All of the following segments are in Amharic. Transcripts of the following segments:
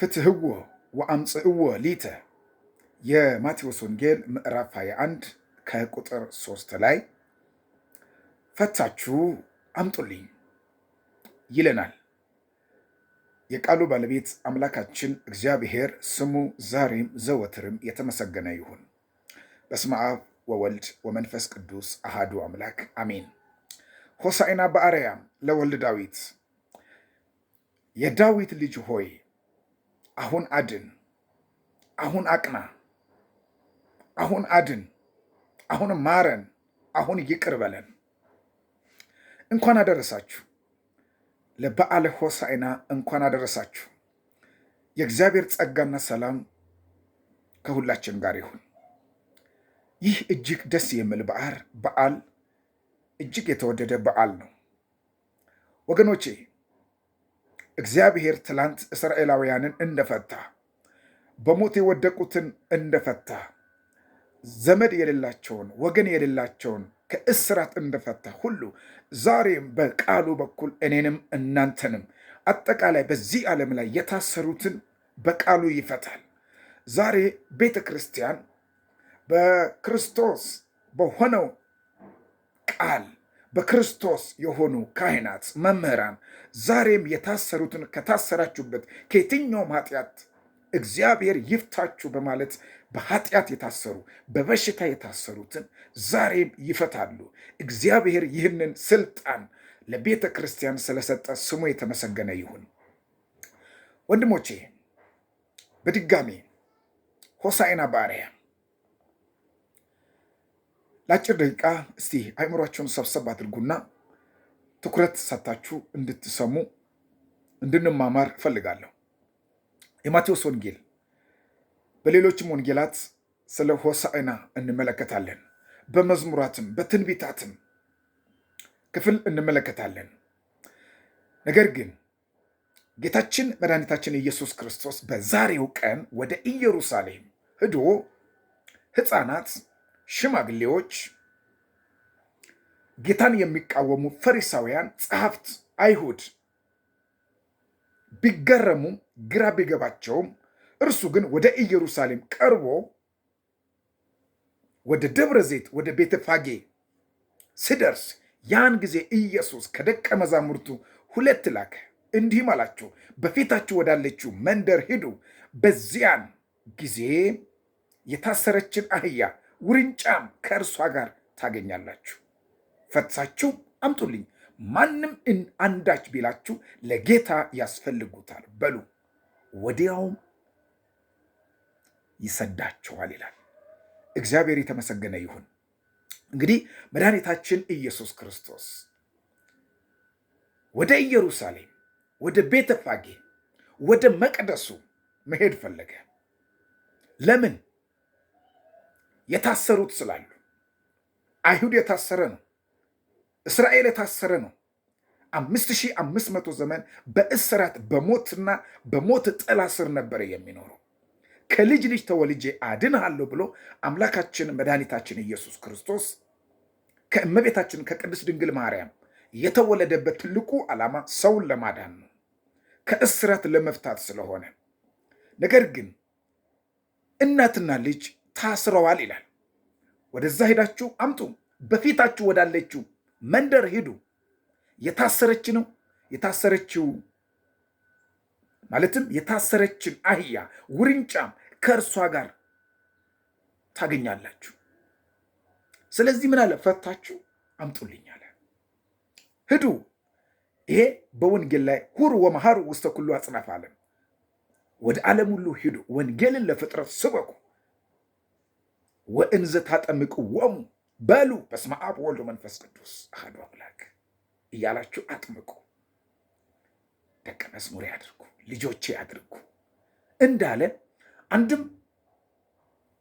ፍትህዎ ወአምጽእዎ ሊተ የማቴዎስ ወንጌል ምዕራፍ 21 ከቁጥር 3 ላይ ፈታችሁ አምጡልኝ ይለናል። የቃሉ ባለቤት አምላካችን እግዚአብሔር ስሙ ዛሬም ዘወትርም የተመሰገነ ይሁን። በስመ አብ ወወልድ ወመንፈስ ቅዱስ አሃዱ አምላክ አሜን። ሆሳዕና በአርያም ለወልድ ዳዊት የዳዊት ልጅ ሆይ አሁን አድን፣ አሁን አቅና፣ አሁን አድን፣ አሁን ማረን፣ አሁን ይቅር በለን። እንኳን አደረሳችሁ ለበዓለ ሆሳዕና፣ እንኳን አደረሳችሁ። የእግዚአብሔር ጸጋና ሰላም ከሁላችን ጋር ይሁን። ይህ እጅግ ደስ የሚል በዓል በዓል እጅግ የተወደደ በዓል ነው ወገኖቼ እግዚአብሔር ትላንት እስራኤላውያንን እንደፈታ በሞት የወደቁትን እንደፈታ ዘመድ የሌላቸውን ወገን የሌላቸውን ከእስራት እንደፈታ ሁሉ ዛሬም በቃሉ በኩል እኔንም እናንተንም አጠቃላይ በዚህ ዓለም ላይ የታሰሩትን በቃሉ ይፈታል። ዛሬ ቤተ ክርስቲያን በክርስቶስ በሆነው ቃል በክርስቶስ የሆኑ ካህናት፣ መምህራን ዛሬም የታሰሩትን ከታሰራችሁበት ከየትኛውም ኃጢአት እግዚአብሔር ይፍታችሁ በማለት በኃጢአት የታሰሩ በበሽታ የታሰሩትን ዛሬም ይፈታሉ። እግዚአብሔር ይህንን ስልጣን ለቤተ ክርስቲያን ስለሰጠ ስሙ የተመሰገነ ይሁን። ወንድሞቼ በድጋሜ ሆሳዕና በአርያም ለአጭር ደቂቃ እስቲ አእምሯችሁን ሰብሰብ አድርጉና ትኩረት ሰጥታችሁ እንድትሰሙ እንድንማማር እፈልጋለሁ። የማቴዎስ ወንጌል በሌሎችም ወንጌላት ስለ ሆሳዕና እንመለከታለን። በመዝሙራትም በትንቢታትም ክፍል እንመለከታለን። ነገር ግን ጌታችን መድኃኒታችን ኢየሱስ ክርስቶስ በዛሬው ቀን ወደ ኢየሩሳሌም ሂዶ ሕፃናት ሽማግሌዎች፣ ጌታን የሚቃወሙ ፈሪሳውያን፣ ጸሐፍት፣ አይሁድ ቢገረሙም ግራ ቢገባቸውም እርሱ ግን ወደ ኢየሩሳሌም ቀርቦ ወደ ደብረ ዘይት ወደ ቤተ ፋጌ ስደርስ ያን ጊዜ ኢየሱስ ከደቀ መዛሙርቱ ሁለት ላከ፣ እንዲህም አላቸው፣ በፊታችሁ ወዳለችው መንደር ሂዱ፣ በዚያን ጊዜ የታሰረችን አህያ ውርንጫም ከእርሷ ጋር ታገኛላችሁ። ፈትሳችሁ አምጡልኝ፣ ማንም አንዳች ቢላችሁ ለጌታ ያስፈልጉታል በሉ፣ ወዲያውም ይሰዳቸዋል ይላል። እግዚአብሔር የተመሰገነ ይሁን። እንግዲህ መድኃኒታችን ኢየሱስ ክርስቶስ ወደ ኢየሩሳሌም ወደ ቤተፋጌ ወደ መቅደሱ መሄድ ፈለገ። ለምን? የታሰሩት ስላሉ አይሁድ የታሰረ ነው። እስራኤል የታሰረ ነው። አምስት ሺህ አምስት መቶ ዘመን በእስራት በሞትና በሞት ጥላ ስር ነበረ የሚኖረው። ከልጅ ልጅ ተወልጄ አድንሃለሁ ብሎ አምላካችን መድኃኒታችን ኢየሱስ ክርስቶስ ከእመቤታችን ከቅድስት ድንግል ማርያም የተወለደበት ትልቁ ዓላማ ሰውን ለማዳን ነው፣ ከእስራት ለመፍታት ስለሆነ ነገር ግን እናትና ልጅ ታስረዋል ይላል። ወደዛ ሄዳችሁ አምጡ፣ በፊታችሁ ወዳለችው መንደር ሂዱ። የታሰረች ነው የታሰረችው ማለትም የታሰረችን አህያ ውርንጫም ከእርሷ ጋር ታገኛላችሁ። ስለዚህ ምን አለ? ፈታችሁ አምጡልኝ አለ። ሂዱ። ይሄ በወንጌል ላይ ሁሩ ወመሃሩ ውስተ ኩሉ አጽናፈ ዓለም፣ ወደ ዓለም ሁሉ ሂዱ፣ ወንጌልን ለፍጥረት ስበኩ። ወእንዘ ታጠምቅዎሙ በሉ በስመ አብ ወወልድ ቅዱስ አህዶ አምላክ እያላችሁ አጥምቁ፣ ደቀ መዝሙሬ አድርጉ፣ ልጆቼ ያድርጉ እንዳለ አንድም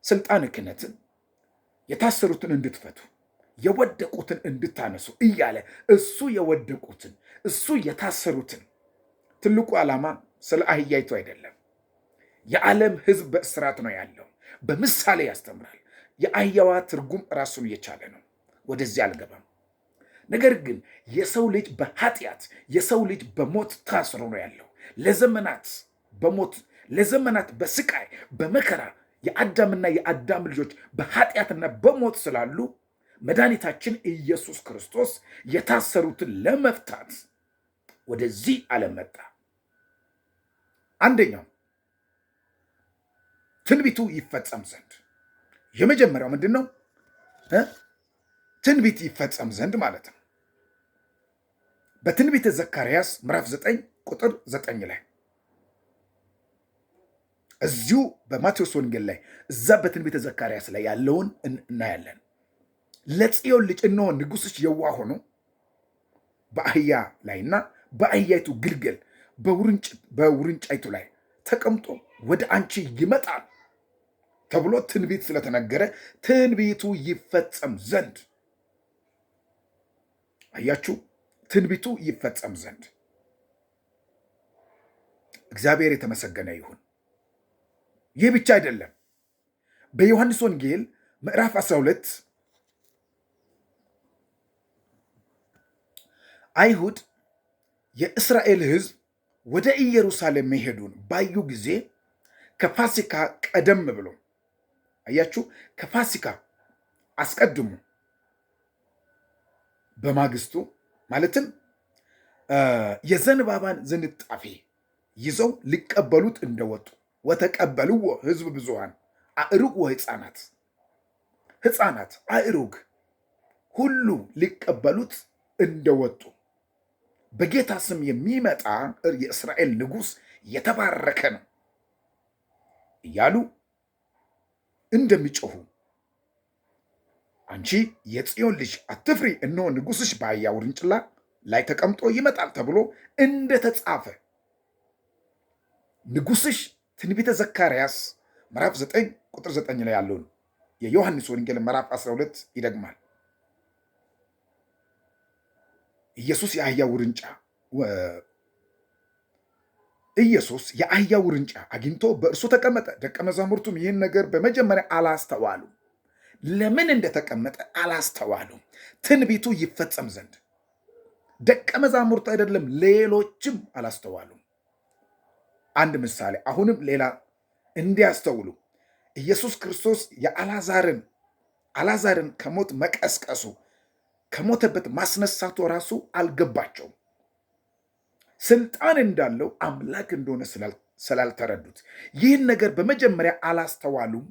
ስልጣን ክህነትን የታሰሩትን እንድትፈቱ የወደቁትን እንድታነሱ እያለ እሱ የወደቁትን እሱ የታሰሩትን ትልቁ ዓላማ ስለ አህያይቱ አይደለም። የዓለም ሕዝብ በእስራት ነው ያለው። በምሳሌ ያስተምራል። የአህያዋ ትርጉም ራሱን እየቻለ ነው። ወደዚህ አልገባም። ነገር ግን የሰው ልጅ በኃጢአት የሰው ልጅ በሞት ታስሮ ነው ያለው ለዘመናት በሞት ለዘመናት በስቃይ በመከራ የአዳምና የአዳም ልጆች በኃጢአትና በሞት ስላሉ መድኃኒታችን ኢየሱስ ክርስቶስ የታሰሩትን ለመፍታት ወደዚህ ዓለም መጣ። አንደኛው ትንቢቱ ይፈጸም ዘንድ የመጀመሪያው ምንድን ነው? ትንቢት ይፈጸም ዘንድ ማለት ነው። በትንቢተ ዘካርያስ ምዕራፍ ዘጠኝ ቁጥር ዘጠኝ ላይ እዚሁ በማቴዎስ ወንጌል ላይ እዛ በትንቢተ ዘካርያስ ላይ ያለውን እናያለን። ለጽዮን ልጅ እነሆ ንጉሥሽ የዋ ሆኖ በአህያ ላይና በአህያይቱ ግልገል በውርንጫይቱ ላይ ተቀምጦ ወደ አንቺ ይመጣል ተብሎ ትንቢት ስለተነገረ ትንቢቱ ይፈጸም ዘንድ አያችሁ፣ ትንቢቱ ይፈጸም ዘንድ እግዚአብሔር የተመሰገነ ይሁን። ይህ ብቻ አይደለም። በዮሐንስ ወንጌል ምዕራፍ 12 አይሁድ የእስራኤል ሕዝብ ወደ ኢየሩሳሌም መሄዱን ባዩ ጊዜ ከፋሲካ ቀደም ብሎ አያችሁ፣ ከፋሲካ አስቀድሞ በማግስቱ ማለትም የዘንባባን ዝንጣፊ ይዘው ሊቀበሉት እንደወጡ ወተቀበልዎ ህዝብ ብዙሃን አእሩግ ህፃናት ህፃናት አእሩግ ሁሉ ሊቀበሉት እንደወጡ በጌታ ስም የሚመጣ የእስራኤል ንጉሥ የተባረከ ነው እያሉ እንደሚጮሁ አንቺ የጽዮን ልጅ አትፍሪ፣ እነሆ ንጉሥሽ በአህያ ውርንጭላ ላይ ተቀምጦ ይመጣል ተብሎ እንደተጻፈ ንጉሥሽ ትንቢተ ዘካርያስ ምዕራፍ 9 ቁጥር 9 ላይ ያለውን የዮሐንስ ወንጌል ምዕራፍ 12 ይደግማል። ኢየሱስ የአህያ ውርንጫ ኢየሱስ የአህያ ውርንጫ አግኝቶ በእርሱ ተቀመጠ። ደቀ መዛሙርቱም ይህን ነገር በመጀመሪያ አላስተዋሉ። ለምን እንደተቀመጠ አላስተዋሉ። ትንቢቱ ይፈጸም ዘንድ ደቀ መዛሙርቱ አይደለም ሌሎችም አላስተዋሉ? አንድ ምሳሌ አሁንም ሌላ እንዲያስተውሉ ኢየሱስ ክርስቶስ የአላዛርን አላዛርን ከሞት መቀስቀሱ ከሞተበት ማስነሳቱ ራሱ አልገባቸውም። ስልጣን እንዳለው አምላክ እንደሆነ ስላልተረዱት ይህን ነገር በመጀመሪያ አላስተዋሉም።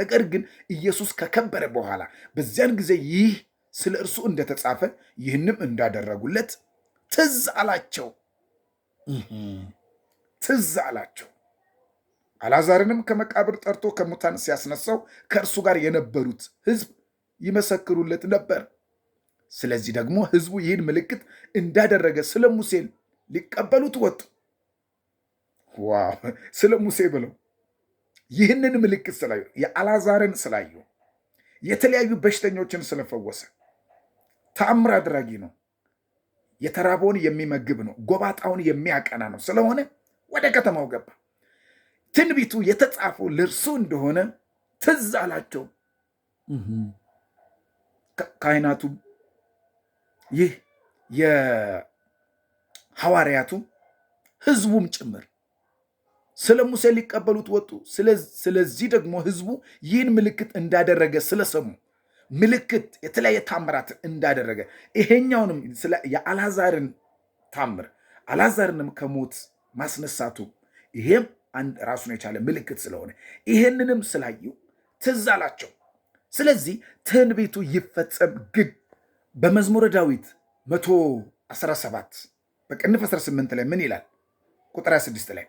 ነገር ግን ኢየሱስ ከከበረ በኋላ በዚያን ጊዜ ይህ ስለ እርሱ እንደተጻፈ ይህንም እንዳደረጉለት ትዝ አላቸው ትዝ አላቸው። አላዛርንም ከመቃብር ጠርቶ ከሙታን ሲያስነሳው ከእርሱ ጋር የነበሩት ሕዝብ ይመሰክሩለት ነበር። ስለዚህ ደግሞ ህዝቡ ይህን ምልክት እንዳደረገ ስለ ሙሴን ሊቀበሉት ወጡ። ዋው! ስለ ሙሴ ብለው ይህንን ምልክት ስላዩ፣ የአላዛርን ስላዩ፣ የተለያዩ በሽተኞችን ስለፈወሰ ተአምር አድራጊ ነው። የተራበውን የሚመግብ ነው። ጎባጣውን የሚያቀና ነው ስለሆነ ወደ ከተማው ገባ። ትንቢቱ የተጻፈው ለእርሱ እንደሆነ ትዝ አላቸው። ካህናቱ ይህ የሐዋርያቱ ህዝቡም ጭምር ስለ ሙሴ ሊቀበሉት ወጡ። ስለዚህ ደግሞ ህዝቡ ይህን ምልክት እንዳደረገ ስለሰሙ ምልክት የተለያየ ታምራትን እንዳደረገ ይሄኛውንም የአልዓዛርን ታምር አልዓዛርንም ከሞት ማስነሳቱ ይሄም አንድ ራሱን የቻለ ምልክት ስለሆነ ይሄንንም ስላዩ ትዝ አላቸው። ስለዚህ ትንቢቱ ይፈጸም ግድ በመዝሙረ ዳዊት 117 በቅንፍ 18 ላይ ምን ይላል? ቁጥር 26 ላይ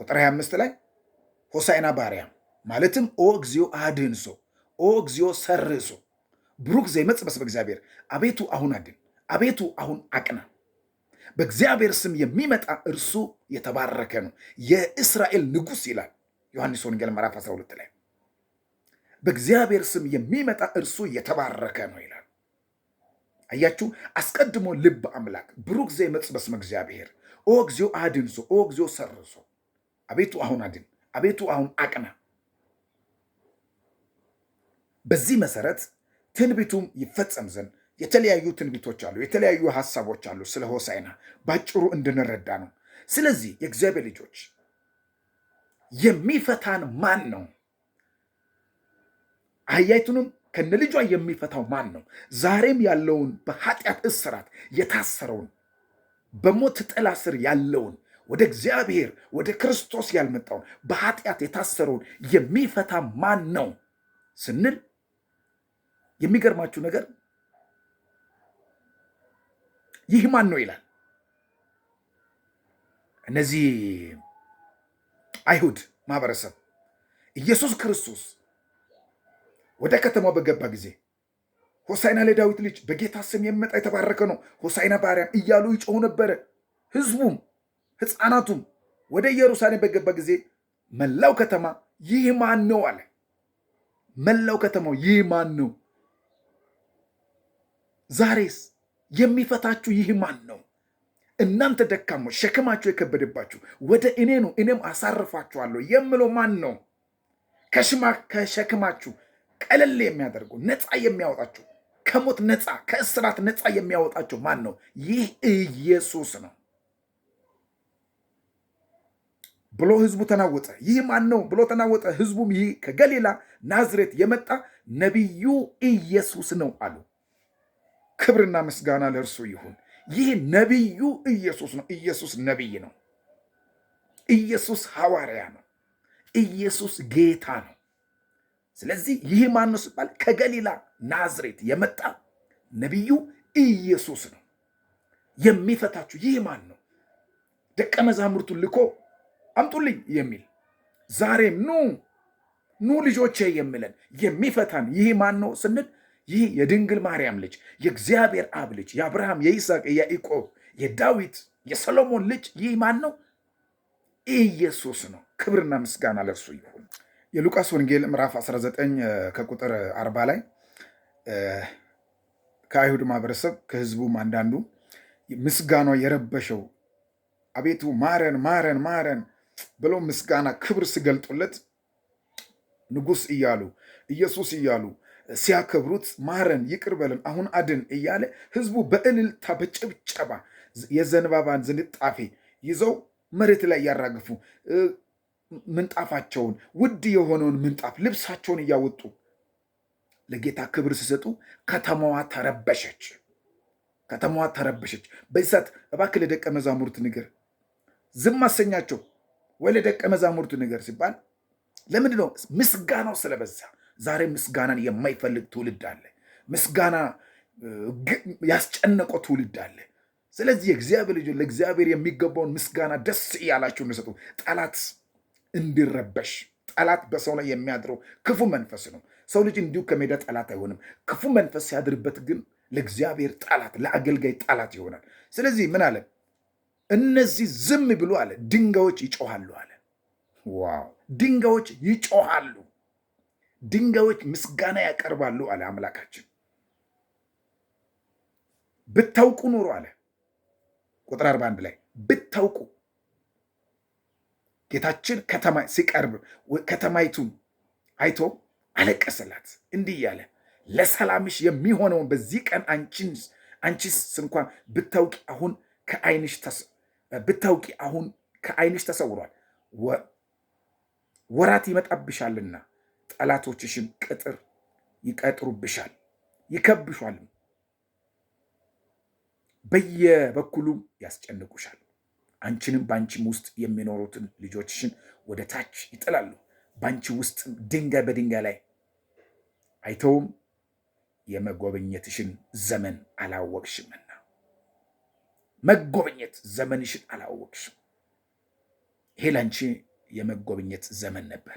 ቁጥር 25 ላይ ሆሳይና ባሪያ ማለትም ኦ እግዚኦ አድን ሶ ኦ እግዚኦ ሶ ብሩክ ዘይመጽእ በስመ እግዚአብሔር፣ አቤቱ አሁን አድን፣ አቤቱ አሁን አቅና። በእግዚአብሔር ስም የሚመጣ እርሱ የተባረከ ነው፣ የእስራኤል ንጉሥ ይላል ዮሐንስ ወንጌል ምዕራፍ 12 ላይ በእግዚአብሔር ስም የሚመጣ እርሱ የተባረከ ነው ይላል። አያችሁ፣ አስቀድሞ ልብ አምላክ ብሩክ ዘይመጽእ እግዚአብሔር ኦ እግዚኦ አድንሶ ኦ እግዚኦ ሰርሶ። አቤቱ አሁን አድን፣ አቤቱ አሁን አቅና። በዚህ መሰረት ትንቢቱም ይፈጸም ዘንድ የተለያዩ ትንቢቶች አሉ፣ የተለያዩ ሀሳቦች አሉ። ስለ ሆሳዕና ባጭሩ እንድንረዳ ነው። ስለዚህ የእግዚአብሔር ልጆች የሚፈታን ማን ነው? አህያይቱንም ከነልጇ የሚፈታው ማን ነው? ዛሬም ያለውን በኃጢአት እስራት የታሰረውን በሞት ጥላ ስር ያለውን ወደ እግዚአብሔር ወደ ክርስቶስ ያልመጣውን በኃጢአት የታሰረውን የሚፈታ ማን ነው ስንል የሚገርማችሁ ነገር ይህ ማን ነው ይላል። እነዚህ አይሁድ ማህበረሰብ ኢየሱስ ክርስቶስ ወደ ከተማ በገባ ጊዜ ሆሳይና ለዳዊት ልጅ በጌታ ስም የሚመጣ የተባረከ ነው፣ ሆሳይና በአርያም እያሉ ይጮሁ ነበረ። ህዝቡም ህፃናቱም ወደ ኢየሩሳሌም በገባ ጊዜ መላው ከተማ ይህ ማን ነው አለ። መላው ከተማው ይህ ማን ነው? ዛሬስ የሚፈታችሁ ይህ ማን ነው? እናንተ ደካሞች ሸክማችሁ የከበደባችሁ ወደ እኔ ነው፣ እኔም አሳርፋችኋለሁ የምለው ማን ነው? ከሸክማችሁ ቀለል የሚያደርጉ ነፃ የሚያወጣቸው ከሞት ነፃ ከእስራት ነፃ የሚያወጣቸው ማን ነው? ይህ ኢየሱስ ነው ብሎ ህዝቡ ተናወጠ። ይህ ማን ነው ብሎ ተናወጠ። ህዝቡም ይህ ከገሊላ ናዝሬት የመጣ ነቢዩ ኢየሱስ ነው አሉ። ክብርና ምስጋና ለእርሱ ይሁን። ይህ ነቢዩ ኢየሱስ ነው። ኢየሱስ ነቢይ ነው። ኢየሱስ ሐዋርያ ነው። ኢየሱስ ጌታ ነው። ስለዚህ ይህ ማን ነው ሲባል ከገሊላ ናዝሬት የመጣ ነቢዩ ኢየሱስ ነው። የሚፈታችሁ ይህ ማን ነው? ደቀ መዛሙርቱን ልኮ አምጡልኝ የሚል ዛሬም ኑ ኑ ልጆቼ የምለን የሚፈታን ይህ ማን ነው ስንል ይህ የድንግል ማርያም ልጅ የእግዚአብሔር አብ ልጅ የአብርሃም፣ የይስሐቅ፣ የያዕቆብ፣ የዳዊት፣ የሰሎሞን ልጅ ይህ ማን ነው? ኢየሱስ ነው። ክብርና ምስጋና ለእርሱ ይሁን። የሉቃስ ወንጌል ምዕራፍ 19 ከቁጥር 40 ላይ ከአይሁድ ማህበረሰብ ከህዝቡም አንዳንዱ ምስጋና የረበሸው አቤቱ ማረን ማረን ማረን ብሎ ምስጋና ክብር ሲገልጡለት ንጉስ እያሉ ኢየሱስ እያሉ ሲያከብሩት ማረን ይቅር አሁን አድን እያለ ህዝቡ በእልልታ በጭብጨባ የዘንባባን ዝንጣፌ ይዘው መሬት ላይ ያራግፉ ምንጣፋቸውን ውድ የሆነውን ምንጣፍ ልብሳቸውን እያወጡ ለጌታ ክብር ሲሰጡ ከተማዋ ተረበሸች። ከተማዋ ተረበሸች። በዚህ ሰዓት እባክህ ለደቀ መዛሙርት ንገር፣ ዝም አሰኛቸው ወይ ለደቀ መዛሙርት ንገር ሲባል ለምንድን ነው? ምስጋናው ስለበዛ። ዛሬ ምስጋናን የማይፈልግ ትውልድ አለ። ምስጋና ያስጨነቀው ትውልድ አለ። ስለዚህ የእግዚአብሔር ልጅ ለእግዚአብሔር የሚገባውን ምስጋና ደስ እያላቸው ። እንሰጡ ጠላት እንዲረበሽ ጠላት በሰው ላይ የሚያድረው ክፉ መንፈስ ነው። ሰው ልጅ እንዲሁ ከሜዳ ጠላት አይሆንም። ክፉ መንፈስ ሲያድርበት ግን ለእግዚአብሔር ጠላት፣ ለአገልጋይ ጠላት ይሆናል። ስለዚህ ምን አለ? እነዚህ ዝም ብሎ አለ ድንጋዮች ይጮሃሉ አለ። ዋው! ድንጋዮች ይጮሃሉ፣ ድንጋዮች ምስጋና ያቀርባሉ አለ አምላካችን። ብታውቁ ኑሮ አለ ቁጥር 41 ላይ ብታውቁ ጌታችን ከተማ ሲቀርብ ከተማይቱን አይቶ አለቀሰላት፣ እንዲህ እያለ ለሰላምሽ የሚሆነውን በዚህ ቀን አንቺስ እንኳን ብታውቂ አሁን ብታውቂ አሁን ከዓይንሽ ተሰውሯል። ወራት ይመጣብሻልና ጠላቶችሽም ቅጥር ይቀጥሩብሻል፣ ይከብሻል፣ በየበኩሉም ያስጨንቁሻል። አንቺንም በአንቺም ውስጥ የሚኖሩትን ልጆችሽን ወደ ታች ይጥላሉ። በአንቺ ውስጥ ድንጋይ በድንጋይ ላይ አይተውም የመጎብኘትሽን ዘመን አላወቅሽምና መጎብኘት ዘመንሽን አላወቅሽም። ይሄ ላንቺ የመጎብኘት ዘመን ነበረ።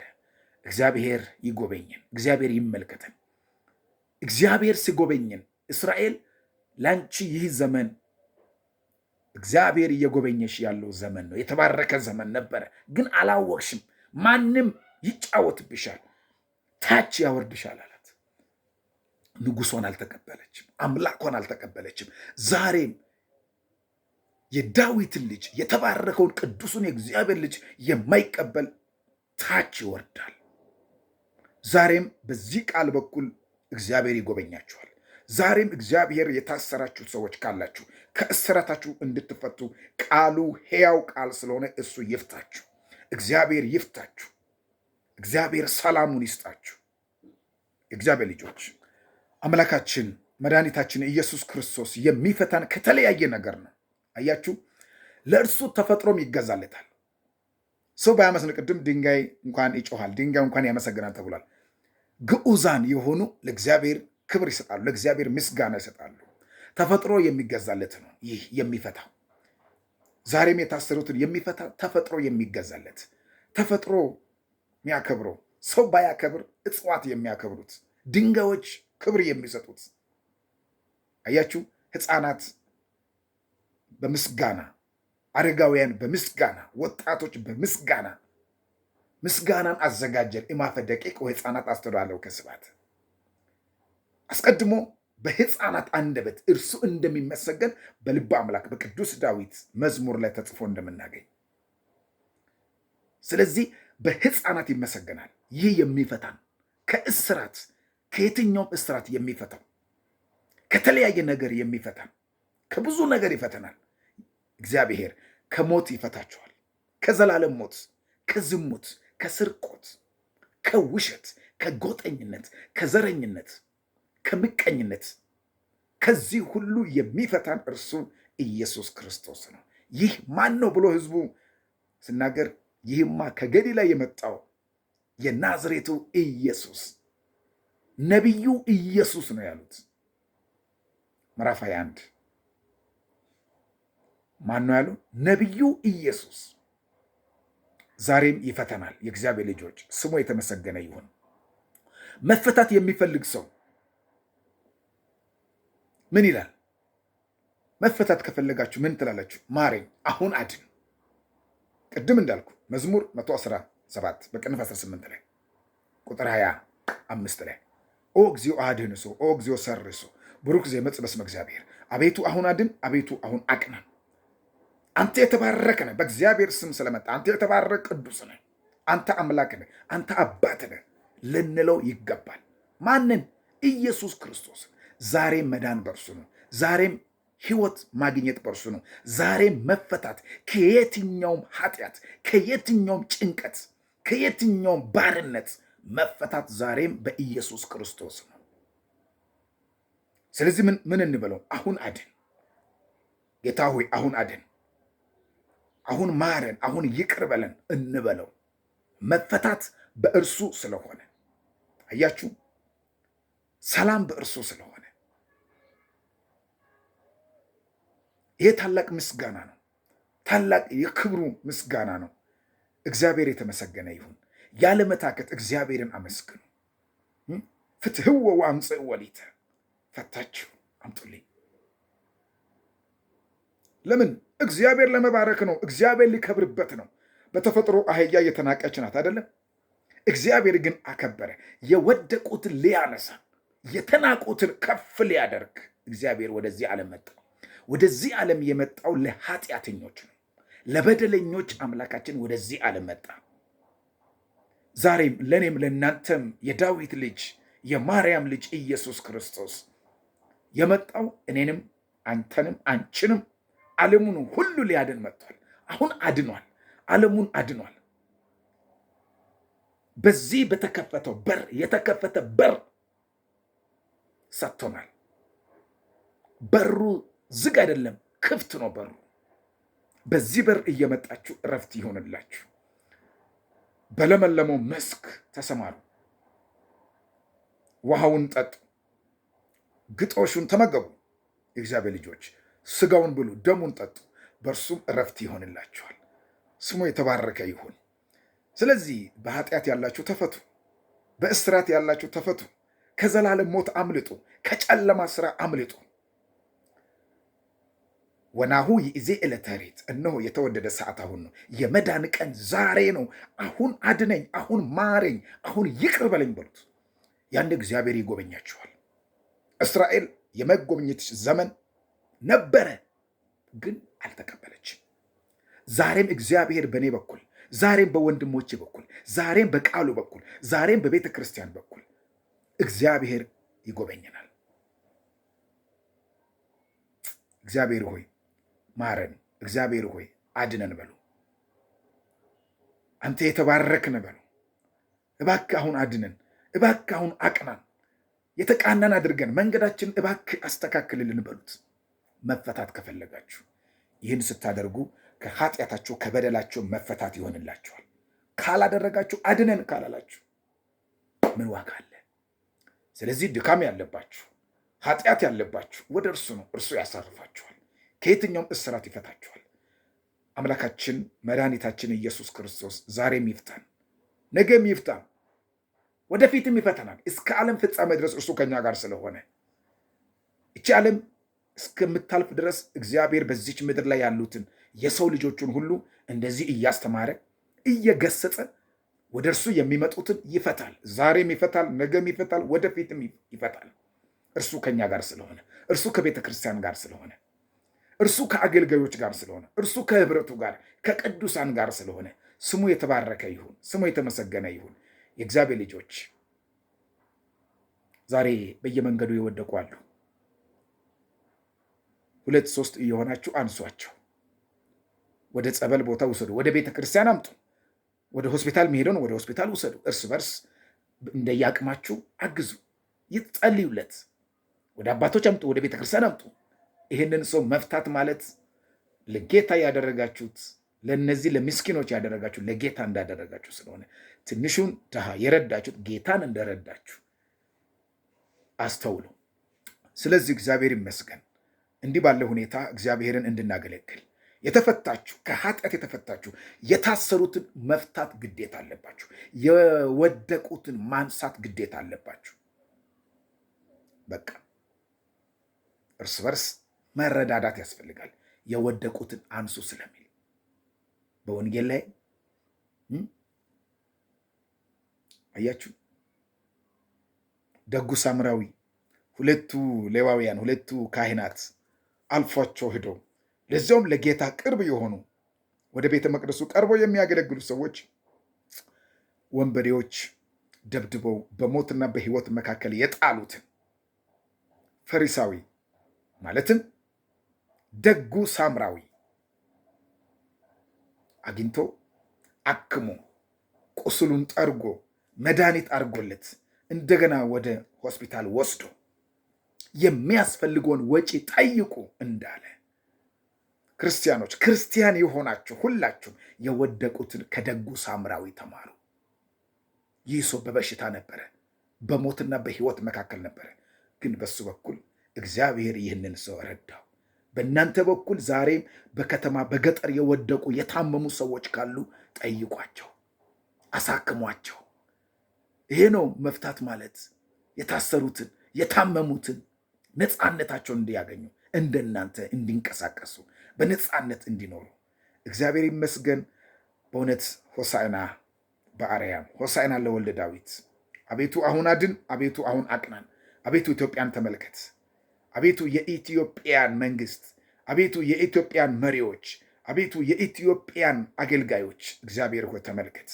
እግዚአብሔር ይጎበኝን፣ እግዚአብሔር ይመልከተን። እግዚአብሔር ሲጎበኝን እስራኤል ላንቺ ይህ ዘመን እግዚአብሔር እየጎበኘሽ ያለው ዘመን ነው። የተባረከ ዘመን ነበረ፣ ግን አላወቅሽም። ማንም ይጫወትብሻል፣ ታች ያወርድሻል አላት። ንጉሷን አልተቀበለችም፣ አምላኳን አልተቀበለችም። ዛሬም የዳዊትን ልጅ የተባረከውን ቅዱሱን የእግዚአብሔር ልጅ የማይቀበል ታች ይወርዳል። ዛሬም በዚህ ቃል በኩል እግዚአብሔር ይጎበኛችኋል። ዛሬም እግዚአብሔር የታሰራችሁ ሰዎች ካላችሁ ከእስራታችሁ እንድትፈቱ ቃሉ ሕያው ቃል ስለሆነ እሱ ይፍታችሁ። እግዚአብሔር ይፍታችሁ። እግዚአብሔር ሰላሙን ይስጣችሁ። እግዚአብሔር ልጆች አምላካችን መድኃኒታችን ኢየሱስ ክርስቶስ የሚፈታን ከተለያየ ነገር ነው። አያችሁ፣ ለእርሱ ተፈጥሮም ይገዛለታል። ሰው ባያመስን ቅድም ድንጋይ እንኳን ይጮሃል፣ ድንጋይ እንኳን ያመሰግናል ተብሏል። ግዑዛን የሆኑ ለእግዚአብሔር ክብር ይሰጣሉ፣ ለእግዚአብሔር ምስጋና ይሰጣሉ። ተፈጥሮ የሚገዛለት ነው ይህ የሚፈታው ዛሬም የታሰሩትን የሚፈታ ተፈጥሮ የሚገዛለት ተፈጥሮ የሚያከብረው ሰው ባያከብር እጽዋት የሚያከብሩት ድንጋዮች ክብር የሚሰጡት አያችሁ፣ ህፃናት በምስጋና አረጋውያን በምስጋና ወጣቶች በምስጋና ምስጋናን አዘጋጀን። ኢማፈ ደቂቅ አስተዳለው ከስባት አስቀድሞ በሕፃናት አንደበት እርሱ እንደሚመሰገን በልበ አምላክ በቅዱስ ዳዊት መዝሙር ላይ ተጽፎ እንደምናገኝ፣ ስለዚህ በሕፃናት ይመሰገናል። ይህ የሚፈታን ከእስራት ከየትኛውም እስራት የሚፈታው ከተለያየ ነገር የሚፈታን ከብዙ ነገር ይፈተናል። እግዚአብሔር ከሞት ይፈታቸዋል ከዘላለም ሞት፣ ከዝሙት፣ ከስርቆት፣ ከውሸት፣ ከጎጠኝነት፣ ከዘረኝነት ከምቀኝነት ከዚህ ሁሉ የሚፈታን እርሱ ኢየሱስ ክርስቶስ ነው። ይህ ማን ነው ብሎ ህዝቡ ስናገር ይህማ ከገሊላ የመጣው የናዝሬቱ ኢየሱስ ነቢዩ ኢየሱስ ነው ያሉት። ምዕራፍ 21 ማን ነው ያሉ? ነቢዩ ኢየሱስ ዛሬም ይፈተናል። የእግዚአብሔር ልጆች ስሙ የተመሰገነ ይሁን። መፈታት የሚፈልግ ሰው ምን ይላል? መፈታት ከፈለጋችሁ ምን ትላላችሁ? ማረኝ አሁን አድን። ቅድም እንዳልኩ መዝሙር 117 በቅንፍ 18 ላይ ቁጥር 25 ላይ ኦ እግዚኦ አድህንሶ ኦ እግዚኦ ሰርሶ ብሩክ ዘይመጽእ በስመ እግዚአብሔር፣ አቤቱ አሁን አድን፣ አቤቱ አሁን አቅናን። አንተ የተባረከ ነህ በእግዚአብሔር ስም ስለመጣ አንተ የተባረከ ቅዱስ ነህ፣ አንተ አምላክ ነህ፣ አንተ አባት ነህ ልንለው ይገባል። ማንን? ኢየሱስ ክርስቶስ ዛሬም መዳን በእርሱ ነው። ዛሬም ህይወት ማግኘት በእርሱ ነው። ዛሬም መፈታት ከየትኛውም ኃጢአት፣ ከየትኛውም ጭንቀት፣ ከየትኛውም ባርነት መፈታት ዛሬም በኢየሱስ ክርስቶስ ነው። ስለዚህ ምን እንበለው? አሁን አድን ጌታ ሆይ አሁን አድን፣ አሁን ማረን፣ አሁን ይቅር በለን እንበለው። መፈታት በእርሱ ስለሆነ አያችሁ፣ ሰላም በእርሱ ስለሆነ ይሄ ታላቅ ምስጋና ነው። ታላቅ የክብሩ ምስጋና ነው። እግዚአብሔር የተመሰገነ ይሁን። ያለመታከት እግዚአብሔርን አመስግኑ። ፍትህወ ወአምፅኡ ወሊተ ፈታችሁ አምጡልኝ። ለምን እግዚአብሔር ለመባረክ ነው። እግዚአብሔር ሊከብርበት ነው። በተፈጥሮ አህያ የተናቀች ናት አይደለም? እግዚአብሔር ግን አከበረ። የወደቁትን ሊያነሳ የተናቁትን ከፍ ሊያደርግ እግዚአብሔር ወደዚህ ዓለም መጣ። ወደዚህ ዓለም የመጣው ለኃጢአተኞች ነው። ለበደለኞች አምላካችን ወደዚህ ዓለም መጣ። ዛሬም ለእኔም ለእናንተም የዳዊት ልጅ የማርያም ልጅ ኢየሱስ ክርስቶስ የመጣው እኔንም አንተንም አንቺንም ዓለሙን ሁሉ ሊያድን መጥቷል። አሁን አድኗል፣ ዓለሙን አድኗል። በዚህ በተከፈተው በር የተከፈተ በር ሰጥቶናል። በሩ ዝግ አይደለም፣ ክፍት ነው በሩ። በዚህ በር እየመጣችሁ እረፍት ይሆንላችሁ። በለመለመው መስክ ተሰማሩ፣ ውሃውን ጠጡ፣ ግጦሹን ተመገቡ። የእግዚአብሔር ልጆች ስጋውን ብሉ፣ ደሙን ጠጡ፣ በእርሱም እረፍት ይሆንላችኋል። ስሙ የተባረከ ይሁን። ስለዚህ በኃጢአት ያላችሁ ተፈቱ፣ በእስራት ያላችሁ ተፈቱ፣ ከዘላለም ሞት አምልጡ፣ ከጨለማ ስራ አምልጡ። ወናሁ ይእዜ ዕለተሬት እነሆ የተወደደ ሰዓት አሁን ነው። የመዳን ቀን ዛሬ ነው። አሁን አድነኝ፣ አሁን ማረኝ፣ አሁን ይቅር በለኝ በሉት። ያን እግዚአብሔር ይጎበኛችኋል። እስራኤል የመጎብኘት ዘመን ነበረ፣ ግን አልተቀበለችም። ዛሬም እግዚአብሔር በእኔ በኩል ዛሬም በወንድሞቼ በኩል ዛሬም በቃሉ በኩል ዛሬም በቤተ ክርስቲያን በኩል እግዚአብሔር ይጎበኝናል። እግዚአብሔር ሆይ ማረን፣ እግዚአብሔር ሆይ አድነን በሉ። አንተ የተባረክን በሉ። እባክ አሁን አድነን፣ እባክ አሁን አቅናን፣ የተቃናን አድርገን መንገዳችን እባክ አስተካክልልን በሉት። መፈታት ከፈለጋችሁ ይህን ስታደርጉ ከኃጢአታችሁ ከበደላችሁ መፈታት ይሆንላችኋል። ካላደረጋችሁ አድነን ካላላችሁ ምን ዋጋ አለ? ስለዚህ ድካም ያለባችሁ ኃጢአት ያለባችሁ ወደ እርሱ ነው፣ እርሱ ያሳርፋችኋል። ከየትኛውም እስራት ይፈታችኋል። አምላካችን መድኃኒታችን ኢየሱስ ክርስቶስ ዛሬም ይፍታን፣ ነገም ይፍታን፣ ወደፊትም ይፈተናል። እስከ ዓለም ፍጻሜ ድረስ እርሱ ከኛ ጋር ስለሆነ እቺ ዓለም እስከምታልፍ ድረስ እግዚአብሔር በዚች ምድር ላይ ያሉትን የሰው ልጆቹን ሁሉ እንደዚህ እያስተማረ እየገሰጸ ወደ እርሱ የሚመጡትን ይፈታል። ዛሬም ይፈታል፣ ነገም ይፈታል፣ ወደፊትም ይፈታል። እርሱ ከኛ ጋር ስለሆነ፣ እርሱ ከቤተ ክርስቲያን ጋር ስለሆነ እርሱ ከአገልጋዮች ጋር ስለሆነ፣ እርሱ ከህብረቱ ጋር ከቅዱሳን ጋር ስለሆነ ስሙ የተባረከ ይሁን፣ ስሙ የተመሰገነ ይሁን። የእግዚአብሔር ልጆች ዛሬ በየመንገዱ የወደቁ አሉ። ሁለት ሶስት እየሆናችሁ አንሷቸው። ወደ ጸበል ቦታ ውሰዱ። ወደ ቤተ ክርስቲያን አምጡ። ወደ ሆስፒታል መሄደውን ወደ ሆስፒታል ውሰዱ። እርስ በርስ እንደየአቅማችሁ አግዙ፣ ይጸልዩለት። ወደ አባቶች አምጡ፣ ወደ ቤተ ክርስቲያን አምጡ። ይህንን ሰው መፍታት ማለት ለጌታ ያደረጋችሁት ለነዚህ ለምስኪኖች ያደረጋችሁ ለጌታ እንዳደረጋችሁ ስለሆነ ትንሹን ድሃ የረዳችሁት ጌታን እንደረዳችሁ አስተውሉ። ስለዚህ እግዚአብሔር ይመስገን። እንዲህ ባለ ሁኔታ እግዚአብሔርን እንድናገለግል የተፈታችሁ ከኃጢአት የተፈታችሁ የታሰሩትን መፍታት ግዴታ አለባችሁ። የወደቁትን ማንሳት ግዴታ አለባችሁ። በቃ እርስ በርስ መረዳዳት ያስፈልጋል። የወደቁትን አንሱ ስለሚል በወንጌል ላይ አያችሁ፣ ደጉ ሳምራዊ ሁለቱ ሌዋውያን ሁለቱ ካህናት አልፏቸው ሂደው ለዚያውም ለጌታ ቅርብ የሆኑ ወደ ቤተ መቅደሱ ቀርበው የሚያገለግሉ ሰዎች ወንበዴዎች ደብድበው በሞትና በሕይወት መካከል የጣሉትን ፈሪሳዊ ማለትም ደጉ ሳምራዊ አግኝቶ አክሞ ቁስሉን ጠርጎ መድኃኒት አድርጎለት እንደገና ወደ ሆስፒታል ወስዶ የሚያስፈልገውን ወጪ ጠይቁ እንዳለ ክርስቲያኖች፣ ክርስቲያን የሆናችሁ ሁላችሁም የወደቁትን ከደጉ ሳምራዊ ተማሩ። ይህ ሰው በበሽታ ነበረ፣ በሞትና በሕይወት መካከል ነበረ። ግን በሱ በኩል እግዚአብሔር ይህንን ሰው ረዳው። በእናንተ በኩል ዛሬም በከተማ በገጠር የወደቁ የታመሙ ሰዎች ካሉ ጠይቋቸው፣ አሳክሟቸው። ይሄ ነው መፍታት ማለት። የታሰሩትን የታመሙትን ነፃነታቸውን እንዲያገኙ እንደናንተ እንዲንቀሳቀሱ በነፃነት እንዲኖሩ እግዚአብሔር ይመስገን። በእውነት ሆሳዕና በአርያም ሆሳዕና ለወልደ ዳዊት። አቤቱ አሁን አድን፣ አቤቱ አሁን አቅናን፣ አቤቱ ኢትዮጵያን ተመልከት። አቤቱ የኢትዮጵያን መንግስት፣ አቤቱ የኢትዮጵያን መሪዎች፣ አቤቱ የኢትዮጵያን አገልጋዮች እግዚአብሔር ሆይ ተመልከት።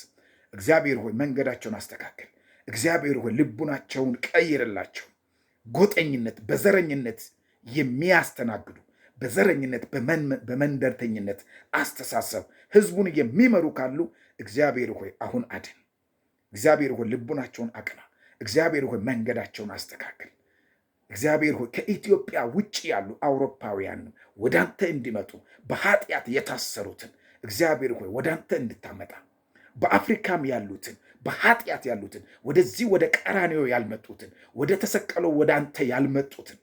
እግዚአብሔር ሆይ መንገዳቸውን አስተካከል። እግዚአብሔር ሆይ ልቡናቸውን ቀይርላቸው። ጎጠኝነት፣ በዘረኝነት የሚያስተናግዱ በዘረኝነት በመንደርተኝነት አስተሳሰብ ህዝቡን የሚመሩ ካሉ እግዚአብሔር ሆይ አሁን አድን። እግዚአብሔር ሆይ ልቡናቸውን አቅና። እግዚአብሔር ሆይ መንገዳቸውን አስተካክል። እግዚአብሔር ሆይ ከኢትዮጵያ ውጭ ያሉ አውሮፓውያን ወደ አንተ እንዲመጡ በኃጢአት የታሰሩትን እግዚአብሔር ሆይ ወደ አንተ እንድታመጣ በአፍሪካም ያሉትን በኃጢአት ያሉትን ወደዚህ ወደ ቀራኔዮ ያልመጡትን ወደ ተሰቀለው ወደ አንተ ያልመጡትን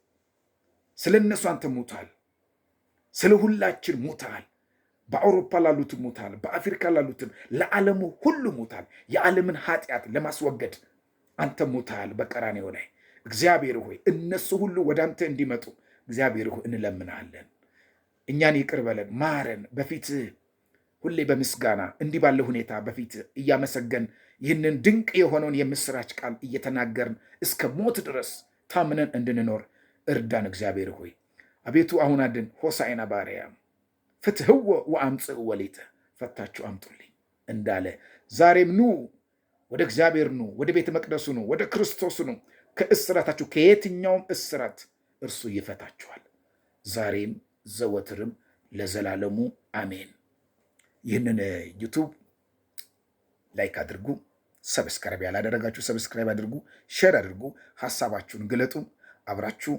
ስለ እነሱ አንተ ሙታል። ስለ ሁላችን ሙታል። በአውሮፓ ላሉትም ሙታል። በአፍሪካ ላሉትም ለዓለሙ ሁሉ ሙታል። የዓለምን ኃጢአት ለማስወገድ አንተ ሙታል በቀራኔዮ ላይ እግዚአብሔር ሆይ እነሱ ሁሉ ወደ አንተ እንዲመጡ እግዚአብሔር ሆይ እንለምናለን። እኛን ይቅር በለን፣ ማረን። በፊትህ ሁሌ በምስጋና እንዲህ ባለ ሁኔታ በፊትህ እያመሰገን ይህንን ድንቅ የሆነውን የምስራች ቃል እየተናገርን እስከ ሞት ድረስ ታምነን እንድንኖር እርዳን። እግዚአብሔር ሆይ አቤቱ አሁን አድን። ሆሳዕና ባሪያ ፍትህዎ ወአምጽእ ወሌተ ፈታችሁ አምጡልኝ እንዳለ ዛሬም ኑ፣ ወደ እግዚአብሔር ኑ፣ ወደ ቤተ መቅደሱ ኑ፣ ወደ ክርስቶስ ኑ። ከእስራታችሁ ከየትኛውም እስራት እርሱ ይፈታችኋል፣ ዛሬም ዘወትርም ለዘላለሙ አሜን። ይህንን ዩቱብ ላይክ አድርጉ። ሰብስክራይብ ያላደረጋችሁ ሰብስክራይብ አድርጉ፣ ሼር አድርጉ፣ ሀሳባችሁን ግለጡ። አብራችሁ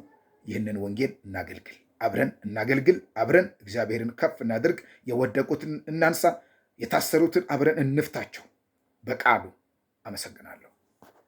ይህንን ወንጌል እናገልግል፣ አብረን እናገልግል፣ አብረን እግዚአብሔርን ከፍ እናድርግ፣ የወደቁትን እናንሳ፣ የታሰሩትን አብረን እንፍታቸው በቃሉ። አመሰግናለሁ።